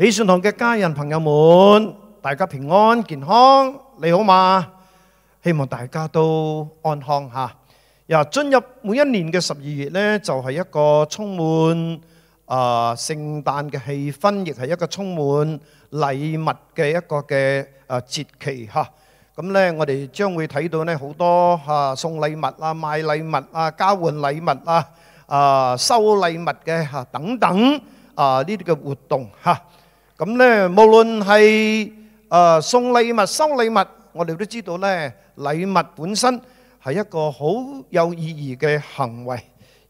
喜信堂嘅家人、朋友們，大家平安健康，你好嘛？希望大家都安康嚇。又進入每一年嘅十二月呢，就係一個充滿啊聖誕嘅氣氛，亦係一個充滿禮物嘅一個嘅啊節期嚇。咁呢，我哋將會睇到呢好多啊送禮物啊、買禮物啊、交換禮物啊、啊收禮物嘅嚇等等啊呢啲嘅活動嚇。咁呢，無論係誒送禮物、收禮物，我哋都知道呢，禮物本身係一個好有意義嘅行為。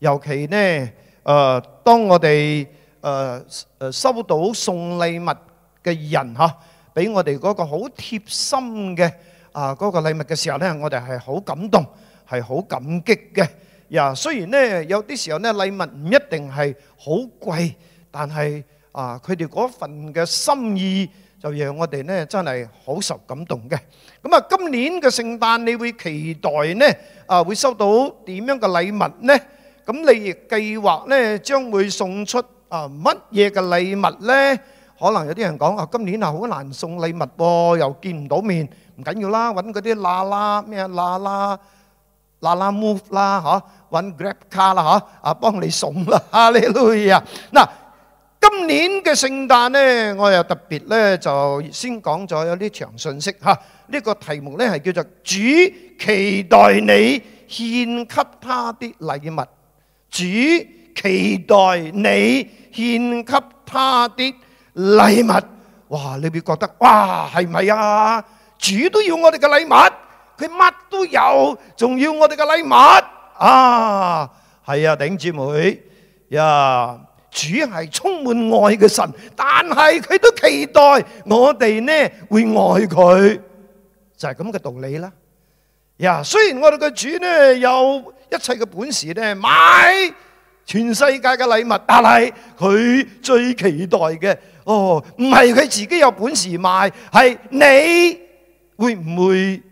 尤其呢誒，當我哋誒誒收到送禮物嘅人嚇，俾我哋嗰個好貼心嘅啊嗰個禮物嘅時候呢，我哋係好感動，係好感激嘅。呀，雖然呢有啲時候呢禮物唔一定係好貴，但係。啊！佢哋嗰份嘅心意就讓我哋咧真係好受感動嘅。咁啊，今年嘅聖誕，你會期待咧啊？會收到點樣嘅禮物咧？咁你亦計劃咧將會送出啊乜嘢嘅禮物咧？可能有啲人講啊，今年啊好難送禮物噃，又見唔到面，唔緊要啦，揾嗰啲啦啦咩啦啦啦啦 move 啦，嗬，揾 Grab 卡啦，嗬，啊幫你送啦，呢類啊！嗱。今年嘅聖誕呢，我又特別呢就先講咗有呢場信息吓，呢個題目呢係叫做主期待你獻給他啲禮物，主期待你獻給他啲禮物。哇！你會覺得哇係咪啊？主都要我哋嘅禮物，佢乜都有，仲要我哋嘅禮物啊？係啊，頂姐妹呀！主係充滿愛嘅神，但係佢都期待我哋呢會愛佢，就係咁嘅道理啦。呀、yeah，雖然我哋嘅主呢有一切嘅本事呢買全世界嘅禮物，但係佢最期待嘅，哦，唔係佢自己有本事買，係你會唔會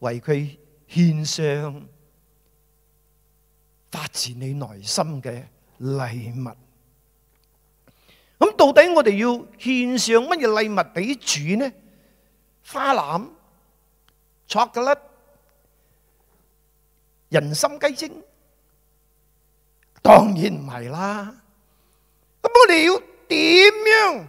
為佢獻上發自你內心嘅？禮物，咁到底我哋要獻上乜嘢禮物俾主呢？花籃、巧克力、人參雞精，當然唔係啦。咁我哋要點樣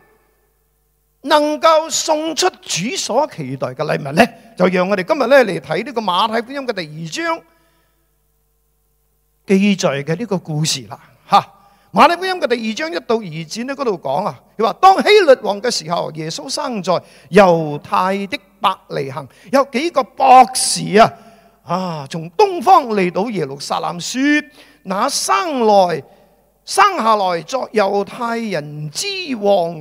能夠送出主所期待嘅禮物呢？就讓我哋今日咧嚟睇呢個馬太福音嘅第二章記載嘅呢個故事啦。哈！馬利亞福音嘅第二章一到二節呢嗰度，講啊，佢話，當希律王嘅時候，耶穌生在猶太的伯利恆，有幾個博士啊啊，從東方嚟到耶路撒冷，說：那生來生下來作猶太人之王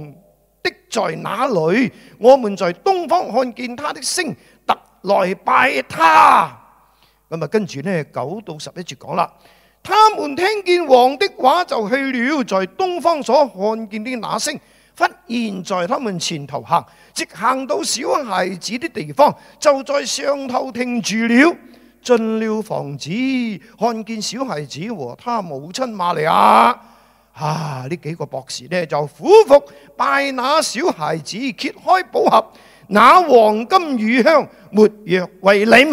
的在哪裏？我們在東方看見他的星，特來拜他。咁啊，跟住呢九到十一節講啦。他們聽見王的話就去了，在東方所看見的那星，忽然在他們前頭行，直行到小孩子的地方，就在上頭停住了。進了房子，看見小孩子和他母親瑪利亞，啊！呢幾個博士呢就俯伏拜那小孩子，揭開寶盒，那黃金乳香沒藥為禮物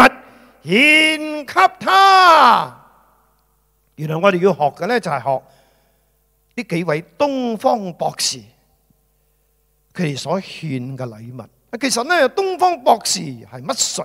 獻給他。原來我哋要學嘅咧就係學呢幾位東方博士佢哋所獻嘅禮物。其實咧，東方博士係乜誰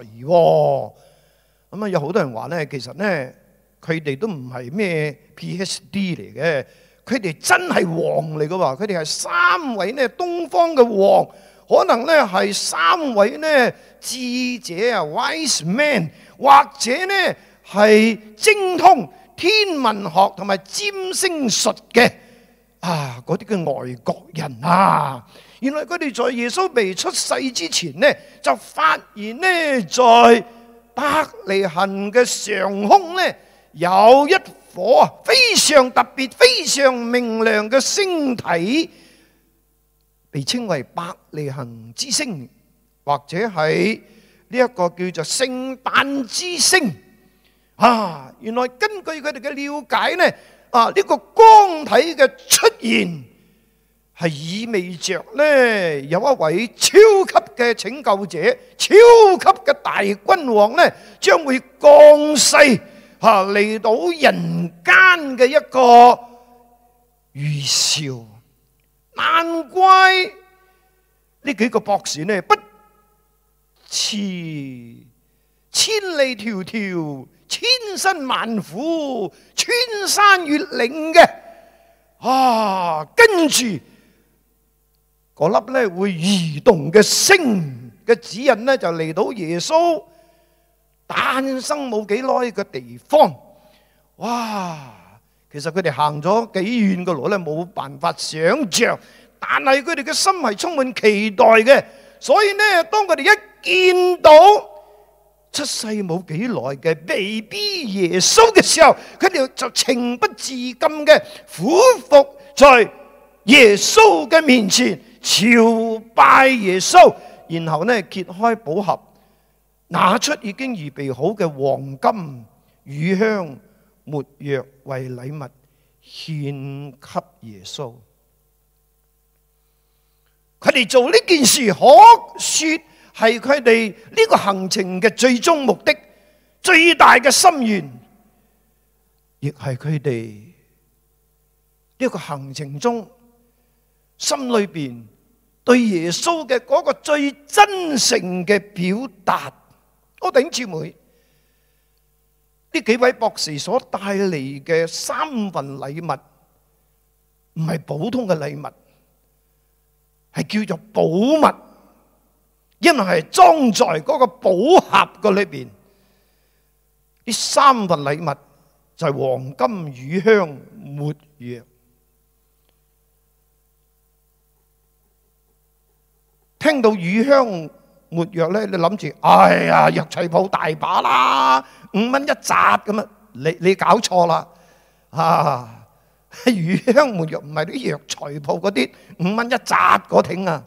咁啊？有好多人話咧，其實咧佢哋都唔係咩 PhD 嚟嘅。佢哋真係王嚟噶，佢哋係三位呢東方嘅王，可能咧係三位呢智者啊，wise man 或者呢係精通。天文學同埋占星術嘅啊，嗰啲嘅外國人啊，原來佢哋在耶穌未出世之前呢，就發現呢在伯利恆嘅上空呢有一顆非常特別、非常明亮嘅星體，被稱為伯利恆之星，或者係呢一個叫做聖誕之星。啊！原來根據佢哋嘅了解咧，啊呢、這個光體嘅出現係意味着咧有一位超級嘅拯救者、超級嘅大君王咧，將會降世嚇嚟、啊、到人間嘅一個預兆。難怪呢幾個博士咧不辭千里迢迢。千辛萬苦、穿山越嶺嘅，啊，跟住嗰粒咧，會移動嘅星嘅指引呢，就嚟到耶穌誕生冇幾耐嘅地方。哇！其實佢哋行咗幾遠嘅路咧，冇辦法想象，但係佢哋嘅心係充滿期待嘅。所以呢，當佢哋一見到，出世冇幾耐嘅 BB 耶穌嘅時候，佢哋就情不自禁嘅俯伏在耶穌嘅面前朝拜耶穌，然後呢，揭開寶盒，拿出已經預備好嘅黃金、乳香、沒藥為禮物獻給耶穌。佢哋做呢件事可說。係佢哋呢個行程嘅最終目的，最大嘅心願，亦係佢哋呢個行程中心裏邊對耶穌嘅嗰個最真誠嘅表達。我哋兄姊妹，呢幾位博士所帶嚟嘅三份禮物，唔係普通嘅禮物，係叫做寶物。因為係裝在嗰個寶盒嗰裏邊，呢三份禮物就係黃金、乳香、沒藥。聽到乳香沒藥咧，你諗住，哎呀，藥材鋪大把啦，五蚊一紮咁啊！你你搞錯啦，啊，乳香沒藥唔係啲藥材鋪嗰啲五蚊一紮嗰挺啊。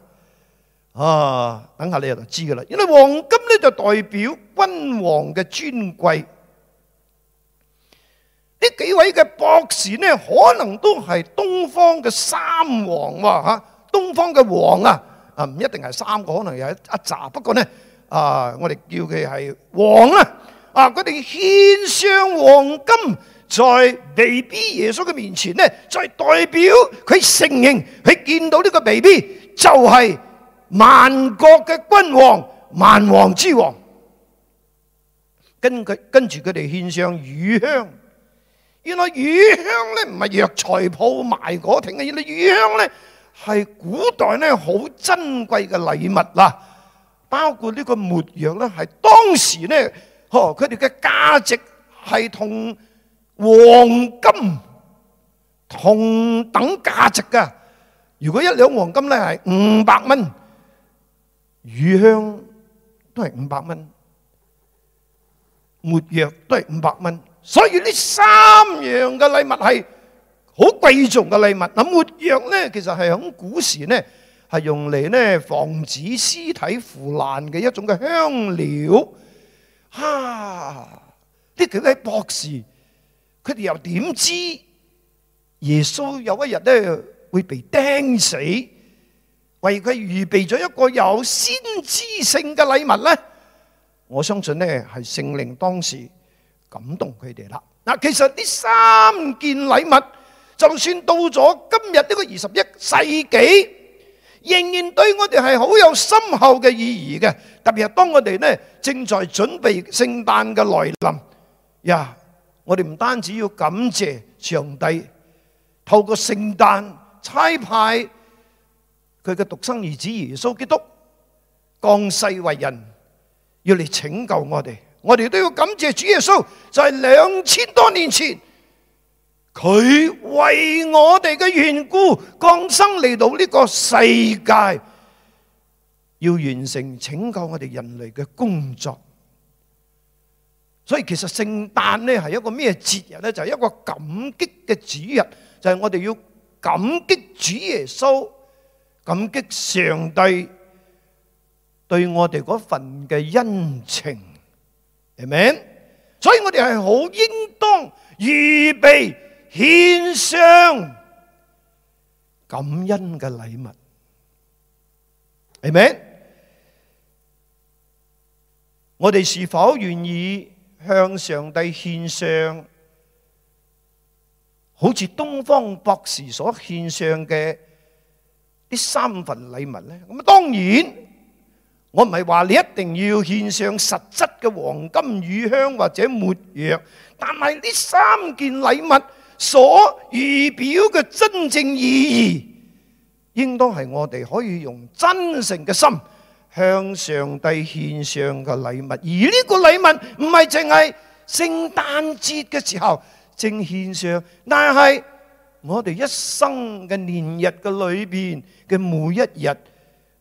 啊！等下你就知噶啦。因為黃金咧就代表君王嘅尊貴，呢幾位嘅博士呢，可能都係東方嘅三王喎嚇、啊。東方嘅王啊啊，唔一定係三個，可能有一一紮。不過呢，啊，我哋叫佢係王啊啊！佢哋獻上黃金，在 BB 耶穌嘅面前呢，就係、是、代表佢承認佢見到呢個 BB 就係、是。萬國嘅君王，萬王之王，跟佢跟住佢哋獻上乳香。原來乳香咧唔係藥材鋪賣嗰啲嘅嘢，原來乳香咧係古代咧好珍貴嘅禮物啦。包括呢個沒藥咧，係當時咧，嗬佢哋嘅價值係同黃金同等價值㗎。如果一兩黃金咧係五百蚊。乳香都係五百蚊，沒藥都係五百蚊，所以呢三樣嘅禮物係好貴重嘅禮物。咁沒藥咧，其實係響古時呢，係用嚟咧防止屍體腐爛嘅一種嘅香料。吓、啊，呢幾位博士，佢哋又點知耶穌有一日呢會被釘死？為佢預備咗一個有先知性嘅禮物呢，我相信呢係聖靈當時感動佢哋啦。嗱，其實呢三件禮物，就算到咗今日呢個二十一世紀，仍然對我哋係好有深厚嘅意義嘅。特別係當我哋呢正在準備聖誕嘅來臨，呀，我哋唔單止要感謝上帝，透過聖誕差派。佢嘅獨生兒子耶穌基督降世為人，要嚟拯救我哋。我哋都要感謝主耶穌，就係兩千多年前，佢為我哋嘅緣故降生嚟到呢個世界，要完成拯救我哋人類嘅工作。所以其實聖誕呢係一個咩節日呢？就係一個感激嘅主日，就係我哋要感激主耶穌。感激上帝對我哋嗰份嘅恩情，係咪？所以我哋係好應當預備獻上感恩嘅禮物，係咪？我哋是否願意向上帝獻上，好似東方博士所獻上嘅？呢三份禮物呢，咁啊當然，我唔係話你一定要獻上實質嘅黃金、乳香或者沒藥，但係呢三件禮物所預表嘅真正意義，應當係我哋可以用真誠嘅心向上帝獻上嘅禮物，而呢個禮物唔係淨係聖誕節嘅時候正獻上，但係，我哋一生嘅年日嘅裏邊嘅每一日，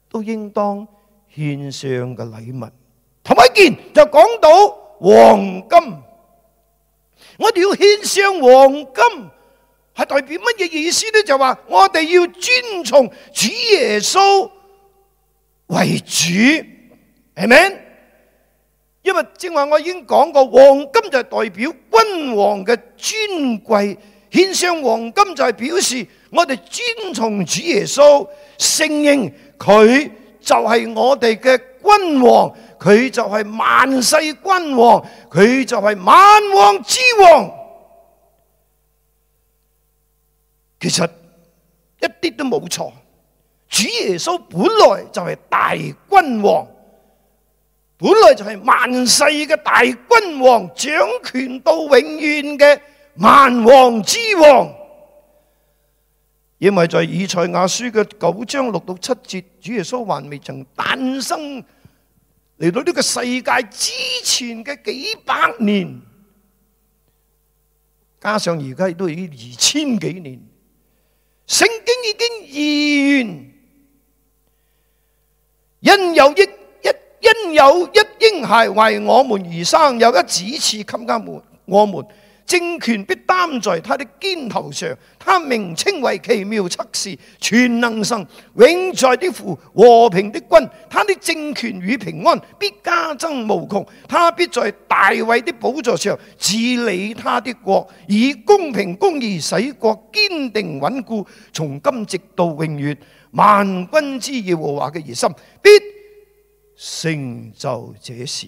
都應當獻上嘅禮物。同埋一件就講到黃金，我哋要獻上黃金，係代表乜嘢意思咧？就話我哋要尊崇主耶穌為主，係咪？因為正話我已經講過，黃金就係代表君王嘅尊貴。天上黃金就係表示我哋尊崇主耶穌，承認佢就係我哋嘅君王，佢就係萬世君王，佢就係萬王之王。其實一啲都冇錯，主耶穌本來就係大君王，本來就係萬世嘅大君王，掌權到永遠嘅。萬王之王，因為在以賽亞書嘅九章六到七節，主耶穌還未曾誕生嚟到呢個世界之前嘅幾百年，加上而家亦都已經二千幾年，聖經已經預言，因有一一，因有一嬰孩為我們而生，有一子賜給我們，我們。政權必擔在他的肩頭上，他名稱為奇妙、策士、全能神、永在的父、和平的君，他的政權與平安必加增無窮，他必在大衛的寶座上治理他的國，以公平公義使國堅定穩固，從今直到永遠。萬軍之耶和華嘅熱心必成就這事。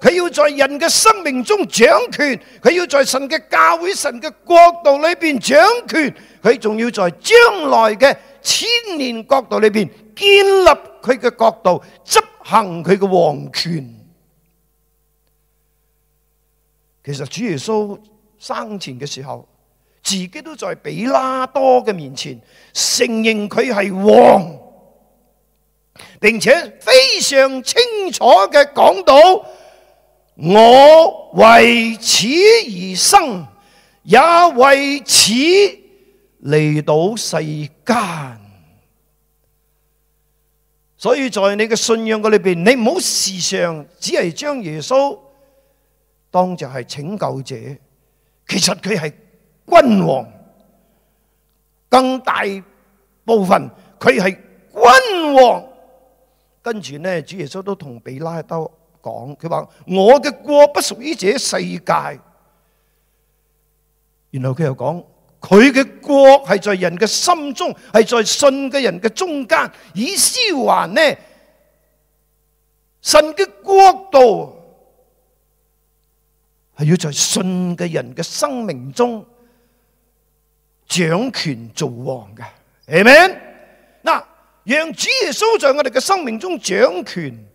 佢要在人嘅生命中掌權，佢要在神嘅教會、神嘅國度裏邊掌權，佢仲要在將來嘅千年國度裏邊建立佢嘅國度，執行佢嘅王權。其實主耶穌生前嘅時候，自己都在比拉多嘅面前承認佢係王，並且非常清楚嘅講到。我為此而生，也為此嚟到世間。所以在你嘅信仰裏邊，你唔好時常只係將耶穌當做係拯救者，其實佢係君王，更大部分佢係君王。跟住呢，主耶穌都同比拉多。講佢話，我嘅國不屬於這世界，然後佢又講佢嘅國係在人嘅心中，係在信嘅人嘅中間。以消還呢，神嘅國度係要在信嘅人嘅生命中掌權做王嘅，係咪？嗱，讓主耶穌在我哋嘅生命中掌權。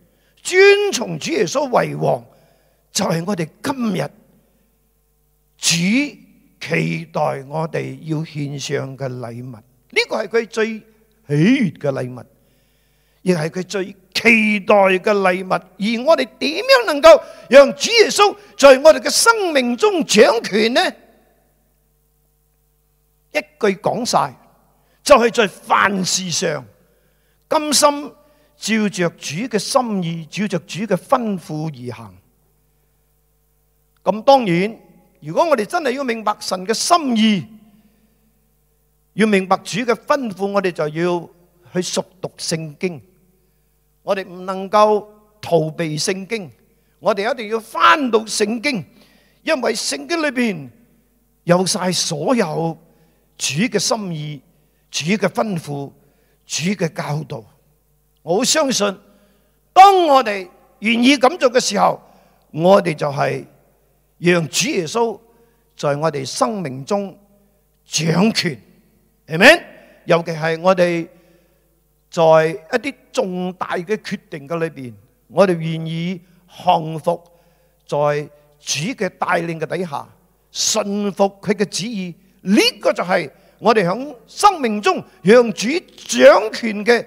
遵從主耶穌為王，就係、是、我哋今日只期待我哋要獻上嘅禮物。呢、這個係佢最喜悅嘅禮物，亦係佢最期待嘅禮物。而我哋點樣能夠讓主耶穌在我哋嘅生命中掌權呢？一句講晒就係、是、在凡事上甘心。照着主嘅心意，照着主嘅吩咐而行。咁當然，如果我哋真係要明白神嘅心意，要明白主嘅吩咐，我哋就要去熟讀聖經。我哋唔能夠逃避聖經，我哋一定要翻到聖經，因為聖經裏邊有晒所有主嘅心意、主嘅吩咐、主嘅教導。我相信，當我哋願意咁做嘅時候，我哋就係讓主耶穌在我哋生命中掌權，係咪？尤其係我哋在一啲重大嘅決定嘅裏邊，我哋願意降服在主嘅帶領嘅底下，順服佢嘅旨意。呢、這個就係我哋響生命中讓主掌權嘅。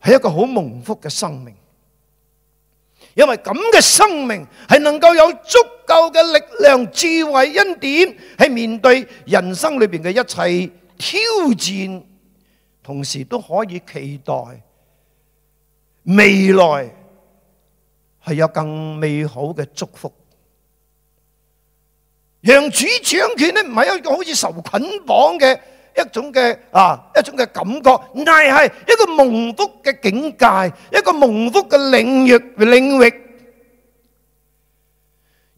係一個好蒙福嘅生命，因為咁嘅生命係能夠有足夠嘅力量、智慧、恩典，係面對人生裏面嘅一切挑戰，同時都可以期待未來係有更美好嘅祝福。讓主掌權呢，唔係一個好似受捆綁嘅。一種嘅啊，一種嘅感覺，但係一個蒙福嘅境界，一個蒙福嘅領域領域。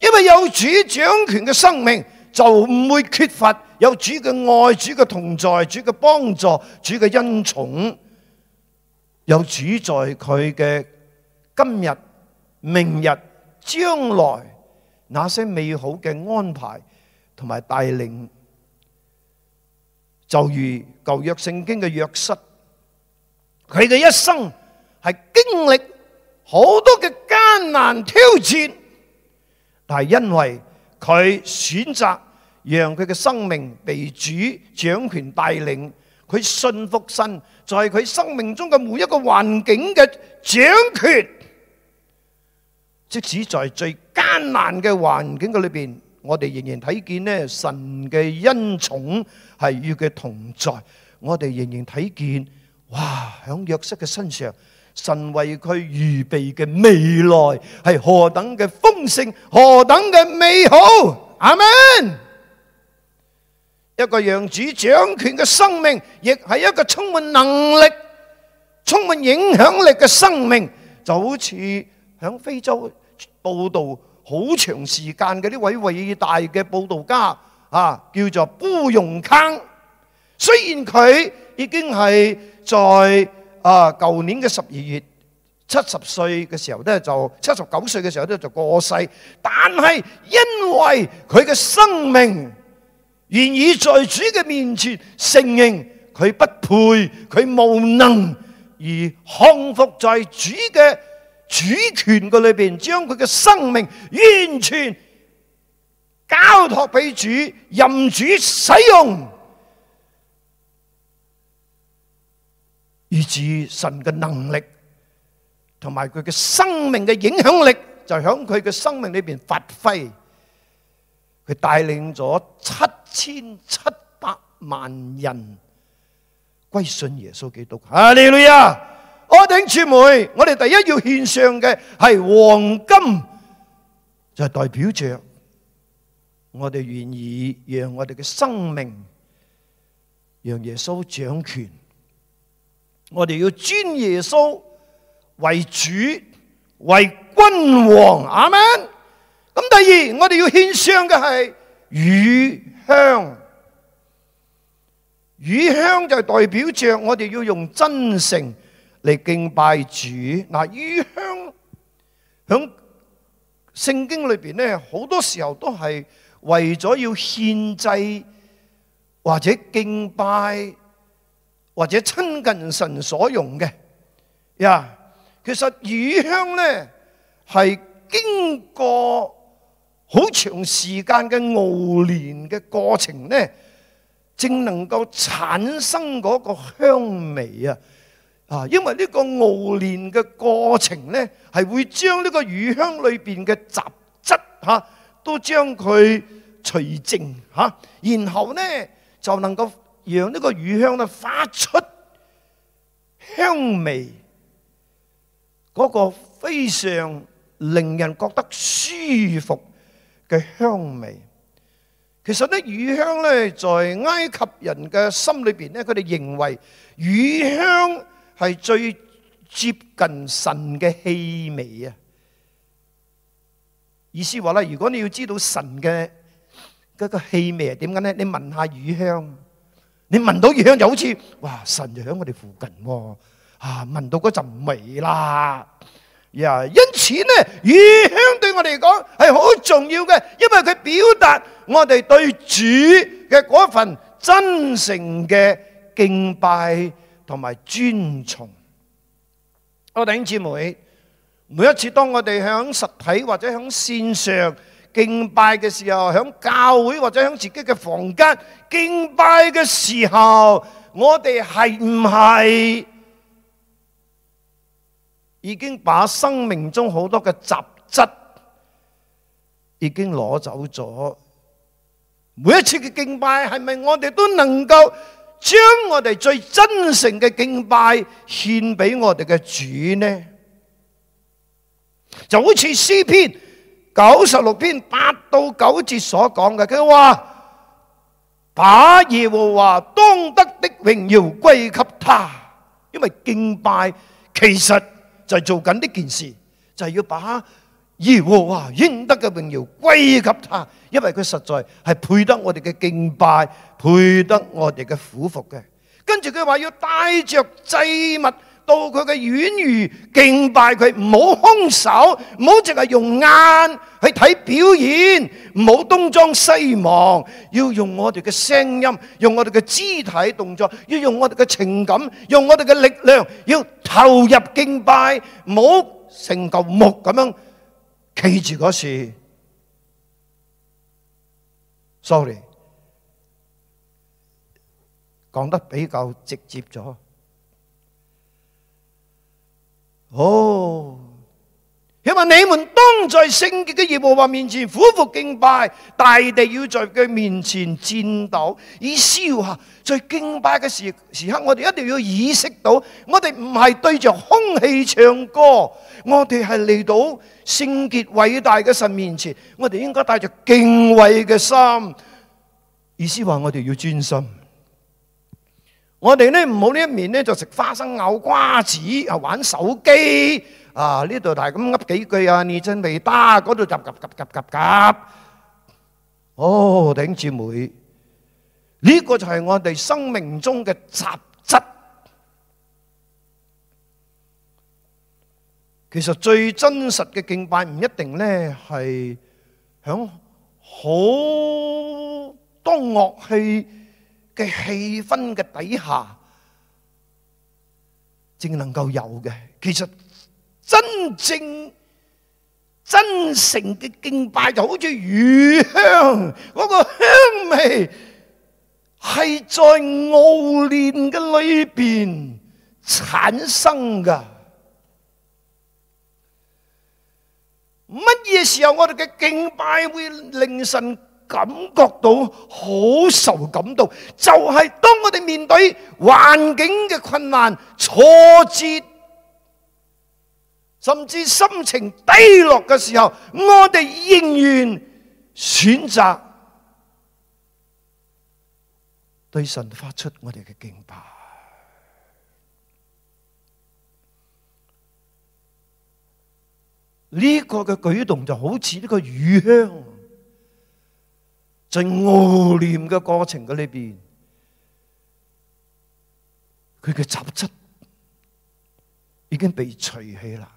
因為有主掌權嘅生命，就唔會缺乏有主嘅愛，主嘅同在，主嘅幫助，主嘅恩寵。有主在佢嘅今日、明日、將來，那些美好嘅安排同埋帶領。就如舊約聖經嘅約瑟，佢嘅一生係經歷好多嘅艱難挑戰，但係因為佢選擇讓佢嘅生命被主掌權帶領，佢信服神，在佢生命中嘅每一個環境嘅掌權，即使在最艱難嘅環境嘅裏邊。我哋仍然睇見呢神嘅恩寵係與佢同在，我哋仍然睇見，哇！響約瑟嘅身上，神為佢預備嘅未來係何等嘅豐盛，何等嘅美好，阿門！一個讓主掌權嘅生命，亦係一個充滿能力、充滿影響力嘅生命，就好似響非洲報道。好長時間嘅呢位偉大嘅佈道家啊，叫做布永康。雖然佢已經係在啊舊年嘅十二月七十歲嘅時候呢，就七十九歲嘅時候呢就過世，但係因為佢嘅生命願意在主嘅面前承認佢不配，佢無能而康復在主嘅。主權嘅裏邊，將佢嘅生命完全交託俾主，任主使用，以致神嘅能力同埋佢嘅生命嘅影響力，就響佢嘅生命裏邊發揮。佢帶領咗七千七百萬人歸信耶穌基督，哈利路亞。我頂傳媒，我哋第一要獻上嘅係黃金，就係代表着我哋願意讓我哋嘅生命讓耶穌掌權。我哋要尊耶穌為主為君王，阿門。咁第二，我哋要獻上嘅係乳香，乳香就係代表着我哋要用真誠。嚟敬拜主嗱，乳香喺聖經裏邊咧，好多時候都係為咗要獻祭，或者敬拜，或者親近神所用嘅。呀，其實乳香咧係經過好長時間嘅熬煉嘅過程咧，正能夠產生嗰個香味啊！啊，因為呢個熬煉嘅過程呢，係會將呢個乳香裏邊嘅雜質嚇，都將佢除淨嚇，然後呢，就能夠讓呢個乳香咧發出香味，嗰個非常令人覺得舒服嘅香味。其實呢乳香呢，在埃及人嘅心裏邊咧，佢哋認為乳香，係最接近神嘅氣味啊！意思話啦，如果你要知道神嘅嗰個氣味係點樣咧，你聞下乳香，你聞到乳香就好似哇，神就喺我哋附近喎啊！聞到嗰陣味啦呀，因此咧，乳香對我哋嚟講係好重要嘅，因為佢表達我哋對主嘅嗰份真誠嘅敬拜。同埋尊崇，我弟兄姊妹，每一次當我哋響實體或者響線上敬拜嘅時候，響教會或者響自己嘅房間敬拜嘅時候，我哋係唔係已經把生命中好多嘅雜質已經攞走咗？每一次嘅敬拜係咪我哋都能夠？將我哋最真誠嘅敬拜獻俾我哋嘅主呢，就好似詩篇九十六篇八到九節所講嘅，佢話把耶和華當得的榮耀歸給他，因為敬拜其實就係做緊呢件事，就係要把。咦！哇，應得嘅榮耀歸給他，因為佢實在係配得我哋嘅敬拜，配得我哋嘅苦服嘅。跟住佢話要帶着祭物到佢嘅院宇敬拜佢，唔好空手，唔好淨係用眼去睇表演，唔好東張西望，要用我哋嘅聲音，用我哋嘅肢體動作，要用我哋嘅情感，用我哋嘅力量，要投入敬拜，唔好成嚿木咁樣。企住嗰時，sorry，講得比較直接咗。哦。在聖潔嘅耶和華面前俯伏敬拜，大地要在佢面前顫抖。意思話，在敬拜嘅時時刻，我哋一定要意識到，我哋唔係對着空氣唱歌，我哋係嚟到聖潔偉大嘅神面前，我哋應該帶住敬畏嘅心。意思話，我哋要專心。我哋呢唔好呢一面呢就食花生、咬瓜子啊，玩手機。啊！呢度大咁噏幾句啊！你真未打，嗰度夾夾夾夾夾夾！哦，頂住妹！呢、這個就係我哋生命中嘅雜質。其實最真實嘅敬拜唔一定咧，係響好多樂器嘅氣氛嘅底下，正能夠有嘅。其實。真正真誠嘅敬拜就好似乳香，嗰個香味係在熬煉嘅裏邊產生噶。乜嘢時候我哋嘅敬拜會令神感覺到好受感動？就係、是、當我哋面對環境嘅困難、挫折。甚至心情低落嘅時候，我哋仍然選擇對神發出我哋嘅敬拜。呢、這個嘅舉動就好似呢個乳香，在熬煉嘅過程嘅裏邊，佢嘅雜質已經被除去啦。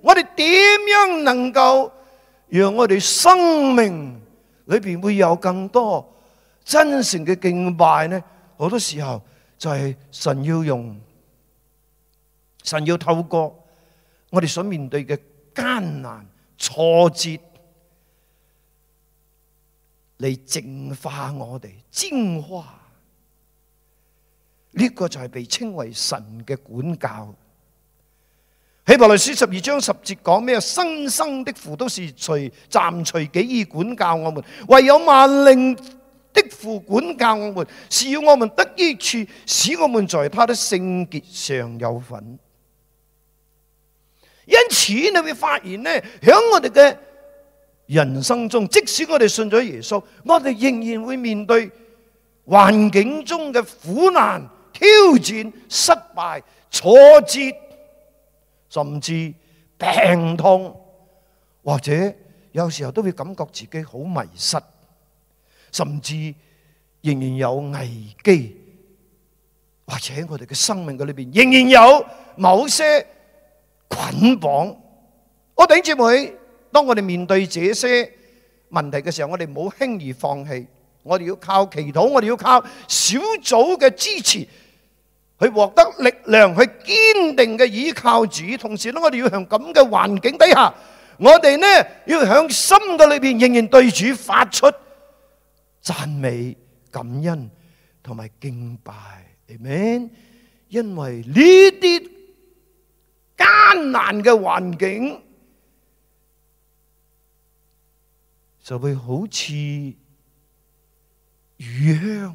我哋點樣能夠讓我哋生命裏邊會有更多真誠嘅敬拜呢？好多時候就係神要用，神要透過我哋所面對嘅艱難挫折，嚟淨化我哋，淨化呢、這個就係被稱為神嘅管教。希伯來書十二章十節講咩啊？生生的父都是隨暫隨己意管教我們，唯有萬靈的父管教我們，是要我們得益處，使我們在他的聖潔上有份。因此你會發現呢，響我哋嘅人生中，即使我哋信咗耶穌，我哋仍然會面對環境中嘅苦難、挑戰、失敗、挫折。甚至病痛，或者有時候都會感覺自己好迷失，甚至仍然有危機，或者我哋嘅生命嘅裏邊仍然有某些捆綁。我頂住佢，當我哋面對這些問題嘅時候，我哋唔好輕易放棄，我哋要靠祈禱，我哋要靠小組嘅支持。去獲得力量，去堅定嘅倚靠主，同時咧，我哋要喺咁嘅環境底下，我哋咧要喺心嘅裏邊仍然對主發出讚美、感恩同埋敬拜，係咪？因為呢啲艱難嘅環境就會好似乳香。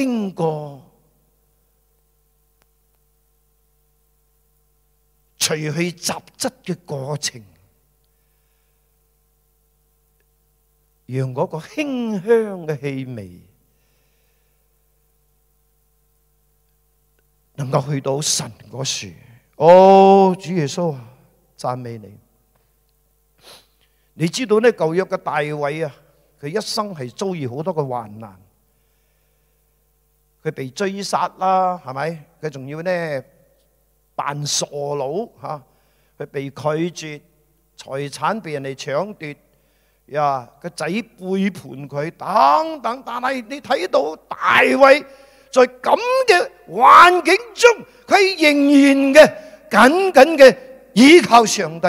經過除去雜質嘅過程，讓嗰個馨香嘅氣味能夠去到神嗰度。哦，主耶穌啊，讚美你！你知道呢？舊約嘅大衛啊，佢一生係遭遇好多嘅患難。佢被追殺啦，係咪？佢仲要呢扮傻佬吓，佢、啊、被拒絕，財產被人哋搶奪，呀個仔背叛佢等等。但係你睇到大衛在咁嘅環境中，佢仍然嘅緊緊嘅依靠上帝，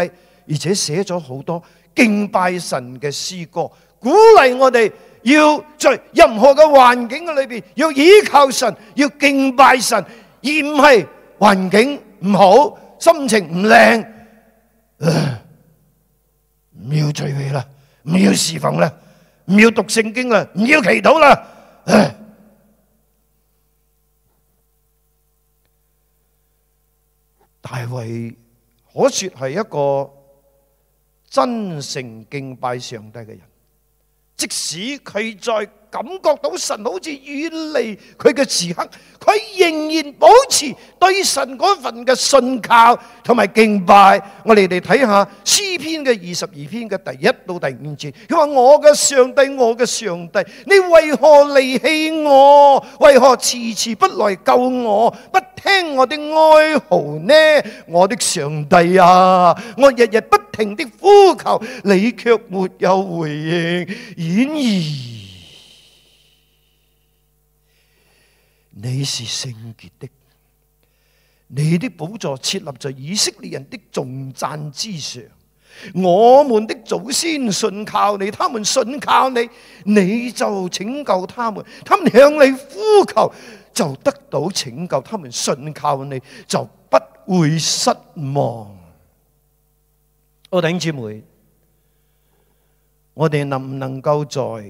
而且寫咗好多敬拜神嘅詩歌，鼓勵我哋。要在任何嘅環境嘅裏邊，要倚靠神，要敬拜神，而唔係環境唔好，心情唔靚，唔要聚會啦，唔要侍奉啦，唔要讀聖經啦，唔要祈禱啦。大衛，可以說係一個真誠敬拜上帝嘅人。即使佢再，感覺到神好似遠離佢嘅時刻，佢仍然保持對神嗰份嘅信靠同埋敬拜。我哋嚟睇下詩篇嘅二十二篇嘅第一到第五節。佢話：我嘅上帝，我嘅上帝，你為何離棄我？為何遲遲不來救我？不聽我的哀嚎呢？我的上帝啊！我日日不停的呼求，你卻沒有回應。然而……你是聖潔的，你的寶座設立在以色列人的眾讚之上。我們的祖先信靠你，他們信靠你，你就拯救他們。他們向你呼求，就得到拯救。他們信靠你，就不會失望。我頂姐妹，我哋能唔能夠在？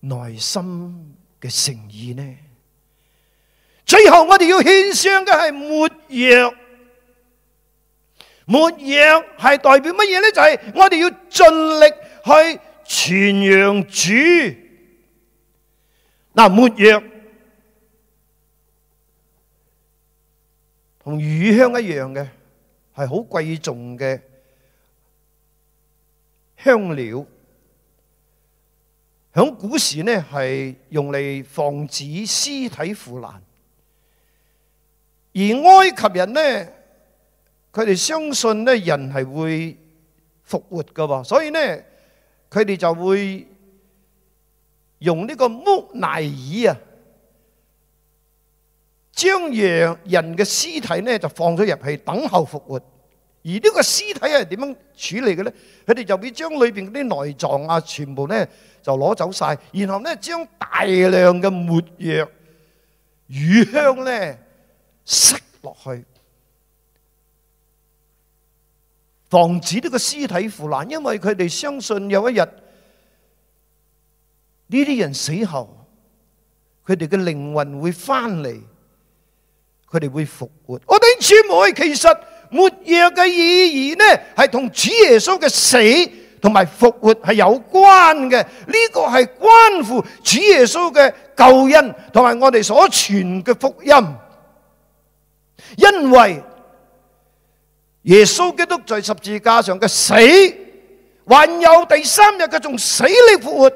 內心嘅誠意呢？最後我哋要獻上嘅係沒藥，沒藥係代表乜嘢呢？就係、是、我哋要盡力去傳揚主。嗱、啊，沒藥同乳香一樣嘅，係好貴重嘅香料。喺古時呢，係用嚟防止屍體腐爛。而埃及人呢，佢哋相信咧，人係會復活噶噃，所以呢，佢哋就會用呢個木乃伊啊，將羊人嘅屍體呢就放咗入去等候復活。而呢個屍體係點樣處理嘅咧？佢哋就會將裏邊嗰啲內臟啊，全部咧。就攞走晒，然後咧，將大量嘅末藥乳香咧塞落去，防止呢個屍體腐爛，因為佢哋相信有一日呢啲人死後，佢哋嘅靈魂會翻嚟，佢哋會復活。我哋姊妹其實末藥嘅意義呢，係同主耶穌嘅死。同埋復活係有關嘅，呢個係關乎主耶穌嘅救恩同埋我哋所傳嘅福音，因為耶穌基督在十字架上嘅死，還有第三日嘅從死嚟復活，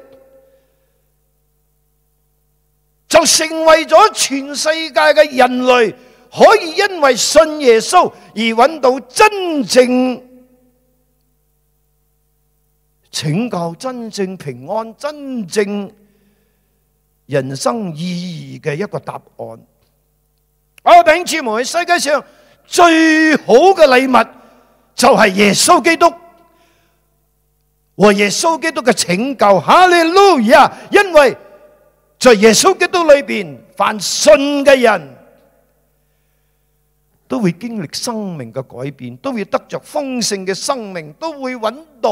就成為咗全世界嘅人類可以因為信耶穌而揾到真正拯救真正平安，真正人生意義嘅一個答案。我嘅弟兄姊妹，世界上最好嘅禮物就係耶穌基督和耶穌基督嘅拯救。哈利路亞！因為在耶穌基督裏邊，凡信嘅人都會經歷生命嘅改變，都會得着豐盛嘅生命，都會揾到。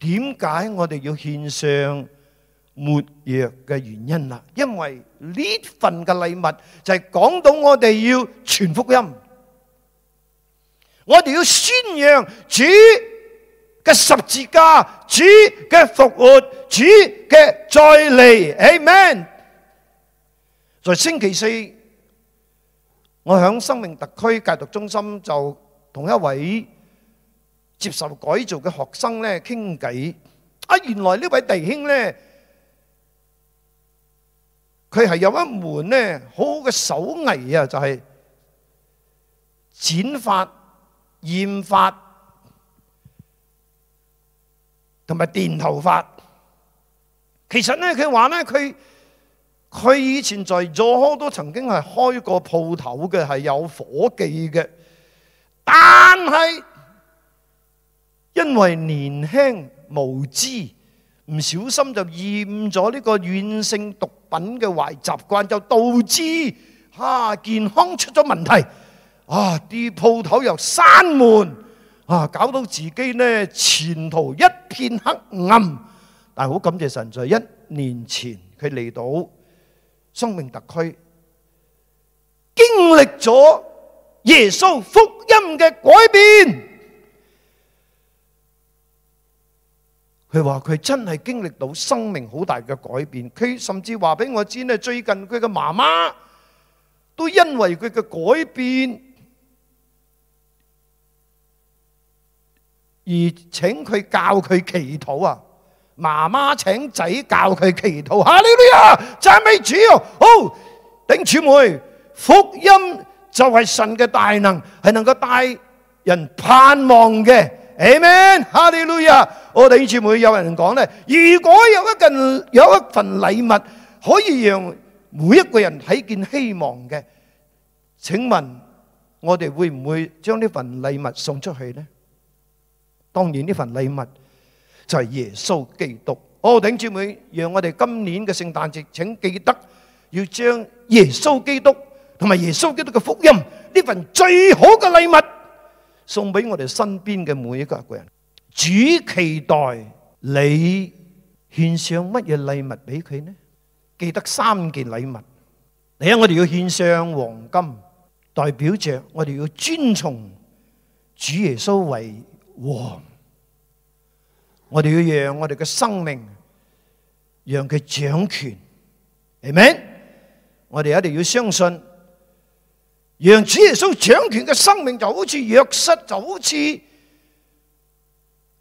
點解我哋要獻上沒藥嘅原因啦？因為呢份嘅禮物就係講到我哋要傳福音，我哋要宣揚主嘅十字架、主嘅復活、主嘅再嚟。Amen！在星期四，我響生命特區戒毒中心就同一位接受改造嘅學生咧傾偈，啊原來呢位弟兄咧，佢係有一門咧好好嘅手藝啊，就係、是、剪髮、染髮同埋電頭髮。其實咧佢話咧，佢佢以前在左康、ok、都曾經係開過鋪頭嘅，係有伙計嘅，但係。因為年輕無知，唔小心就染咗呢個軟性毒品嘅壞習慣，就導致吓健康出咗問題，啊啲鋪頭又閂門，啊搞到自己呢前途一片黑暗。但係好感謝神，在一年前佢嚟到生命特區，經歷咗耶穌福音嘅改變。佢話：佢真係經歷到生命好大嘅改變。佢甚至話俾我知呢最近佢嘅媽媽都因為佢嘅改變而請佢教佢祈禱啊！媽媽請仔教佢祈禱。祈禱哈利路亞！讚美主哦！好，弟兄姊妹，福音就係神嘅大能，係能夠帶人盼望嘅。Amen，哈利路亞！我哋姊妹有人講咧，如果有一份有一份禮物可以讓每一個人睇見希望嘅，請問我哋會唔會將呢份禮物送出去呢？當然呢份禮物就係耶穌基督。我哋姊妹，讓我哋今年嘅聖誕節，請記得要將耶穌基督同埋耶穌基督嘅福音呢份最好嘅禮物送俾我哋身邊嘅每一個個人。主期待你獻上乜嘢禮物俾佢呢？記得三件禮物。第一，我哋要獻上黃金，代表着我哋要尊崇主耶穌為王。我哋要讓我哋嘅生命讓佢掌權，明唔明？我哋一定要相信，讓主耶穌掌權嘅生命就好似若失，就好似。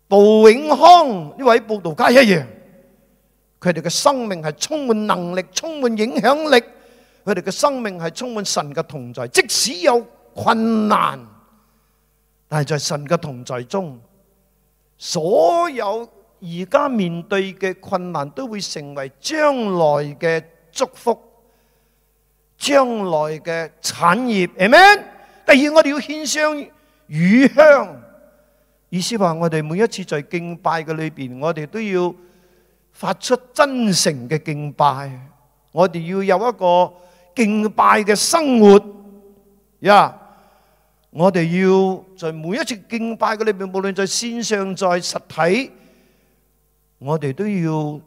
布永康呢位佈道家一樣，佢哋嘅生命係充滿能力，充滿影響力。佢哋嘅生命係充滿神嘅同在，即使有困難，但係在神嘅同在中，所有而家面對嘅困難都會成為將來嘅祝福、將來嘅產業 Amen。第二，我哋要獻上乳香。意思話我哋每一次在敬拜嘅裏邊，我哋都要發出真誠嘅敬拜。我哋要有一個敬拜嘅生活。呀，我哋要在每一次敬拜嘅裏邊，無論在線上、在實體，我哋都要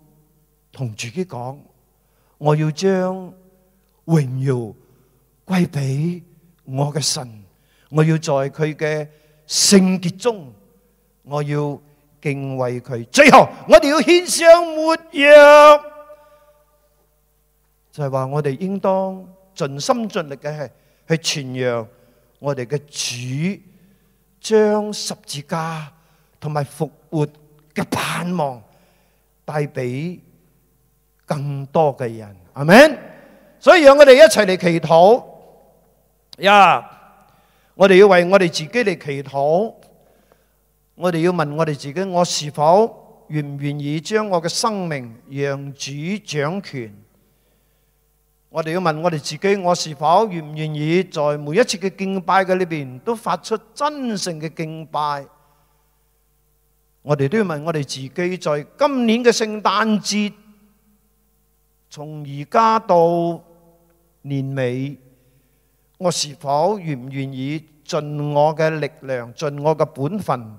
同自己講：我要將榮耀歸俾我嘅神。我要在佢嘅聖潔中。我要敬畏佢，最後我哋要獻上沒藥，就係話我哋應當盡心盡力嘅係去傳揚我哋嘅主，將十字架同埋復活嘅盼望帶俾更多嘅人，係咪？所以讓我哋一齊嚟祈禱。呀，我哋要為我哋自己嚟祈禱。我哋要問我哋自己：我是否願唔願意將我嘅生命讓主掌權？我哋要問我哋自己：我是否願唔願意在每一次嘅敬拜嘅裏面都發出真正嘅敬拜？我哋都要問我哋自己，在今年嘅聖誕節，從而家到年尾，我是否願唔願意盡我嘅力量、盡我嘅本分？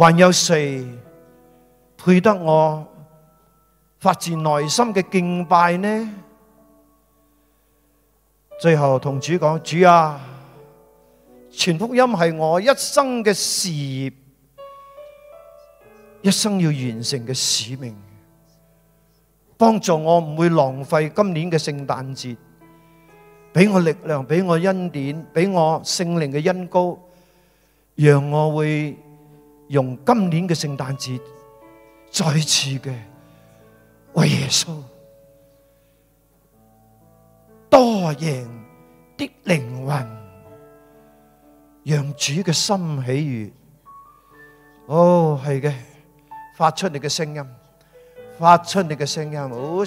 還有誰配得我發自內心嘅敬拜呢？最後同主講：主啊，傳福音係我一生嘅事業，一生要完成嘅使命，幫助我唔會浪費今年嘅聖誕節，俾我力量，俾我恩典，俾我聖靈嘅恩膏，讓我會。用今年嘅聖誕節，再次嘅為耶穌多贏啲靈魂，讓主嘅心喜悅。哦，係嘅，發出你嘅聲音，發出你嘅聲音。音樂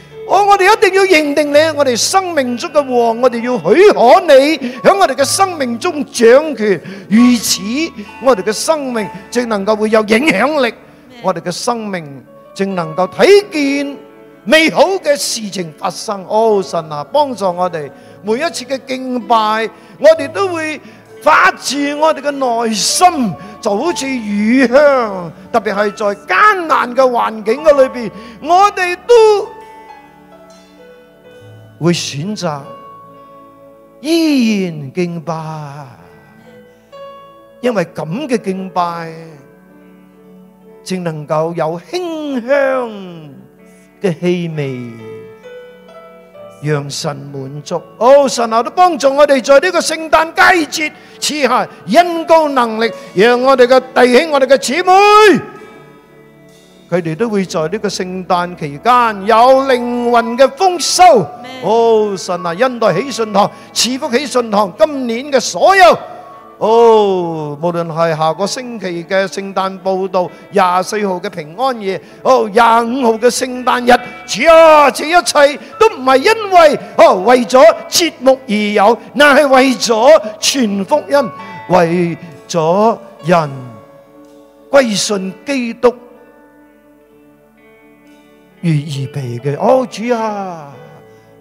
我我哋一定要認定你，我哋生命中嘅王，我哋要許可你喺我哋嘅生命中掌權。如此，我哋嘅生命正能夠會有影響力，我哋嘅生命正能夠睇見美好嘅事情發生。哦，神啊，幫助我哋每一次嘅敬拜，我哋都會發自我哋嘅內心，就好似乳香，特別係在艱難嘅環境嘅裏邊，我哋都，會選擇依然敬拜，因為咁嘅敬拜，正能夠有馨香嘅氣味，讓神滿足。好神，留到幫助我哋，在呢個聖誕佳節之下，因夠能力，讓我哋嘅弟兄、我哋嘅姊妹，佢哋都會在呢個聖誕期間有靈魂嘅豐收。哦，神啊，恩待喜信堂，賜福喜信堂。今年嘅所有哦，無論係下個星期嘅聖誕報道，廿四號嘅平安夜，哦廿五號嘅聖誕日，主啊，這一切都唔係因為哦為咗節目而有，但係為咗傳福音，為咗人歸信基督而預備嘅。哦，主啊！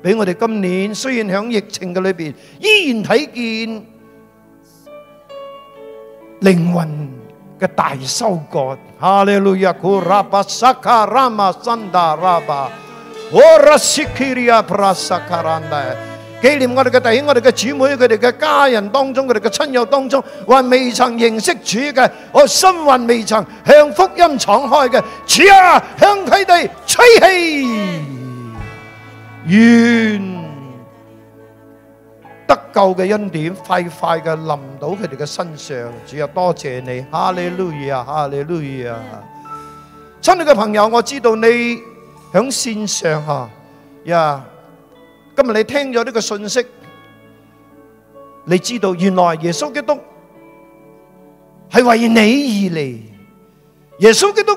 俾我哋今年雖然響疫情嘅裏邊，依然睇見靈魂嘅大收割。哈利路亞，庫拉巴薩卡拉瑪桑達拉巴，庫拉斯基利亞布拉薩卡蘭達。紀念我哋嘅弟兄，我哋嘅姊妹，佢哋嘅家人當中，佢哋嘅親友當中，還未曾認識主嘅，我心還未曾向福音敞開嘅，主啊，向佢哋吹氣。願得救嘅恩典快快嘅臨到佢哋嘅身上，主啊，多謝你，哈利路亞，哈利路亞。親愛嘅朋友，我知道你響線上吓，呀，今日你聽咗呢個信息，你知道原來耶穌基督係為你而嚟，耶穌基督，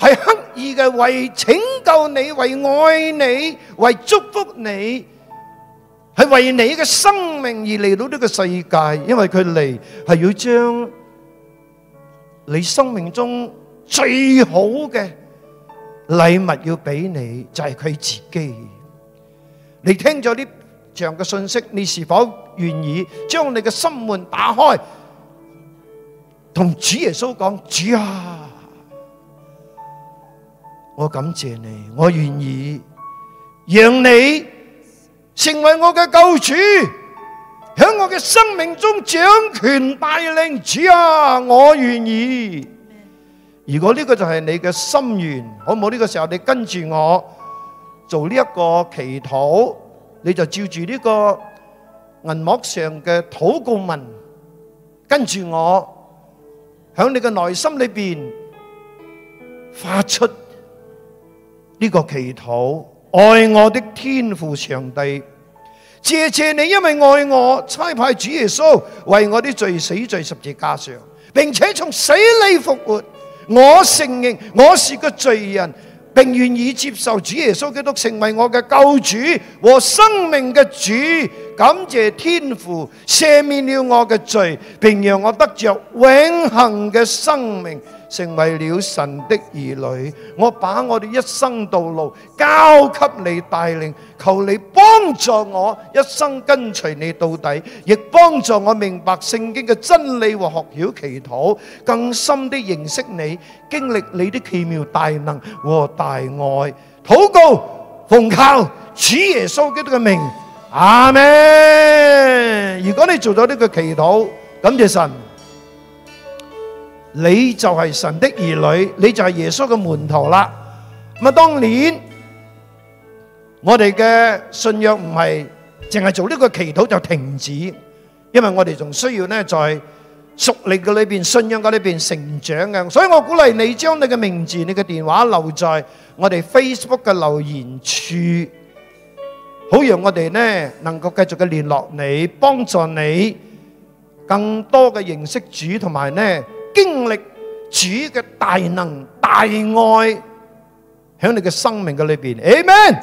係刻意嘅，為拯救你、為愛你、為祝福你，係為你嘅生命而嚟到呢個世界。因為佢嚟係要將你生命中最好嘅禮物要俾你，就係佢自己。你聽咗呢樣嘅信息，你是否願意將你嘅心門打開，同主耶穌講：主啊！我感謝你，我願意讓你成為我嘅救主，響我嘅生命中掌權帶領，主啊！我願意。如果呢個就係你嘅心願，好唔好？呢個時候你跟住我做呢一個祈禱，你就照住呢個銀幕上嘅禱告文，跟住我響你嘅內心裏邊發出。呢個祈禱，愛我的天父上帝，謝謝你，因為愛我，差派主耶穌為我的罪死在十字架上，並且從死裡復活。我承認我是個罪人，並願意接受主耶穌基督成為我嘅救主和生命嘅主。感謝天父赦免了我嘅罪，並讓我得着永恆嘅生命。成為了神的兒女，我把我哋一生道路交給你帶領，求你幫助我一生跟隨你到底，亦幫助我明白聖經嘅真理和學曉祈禱，更深的認識你，經歷你的奇妙大能和大愛。禱告，奉靠主耶穌基督嘅名，阿門。如果你做咗呢個祈禱，感謝神。你就係神的兒女，你就係耶穌嘅門徒啦。咁啊，當年我哋嘅信仰唔係淨係做呢個祈禱就停止，因為我哋仲需要咧，在屬靈嘅裏邊，信仰嘅裏邊成長嘅。所以我鼓勵你將你嘅名字，你嘅電話留在我哋 Facebook 嘅留言處，好讓我哋咧能夠繼續嘅聯絡你，幫助你更多嘅認識主，同埋咧。經歷主嘅大能、大愛，響你嘅生命嘅裏邊，amen。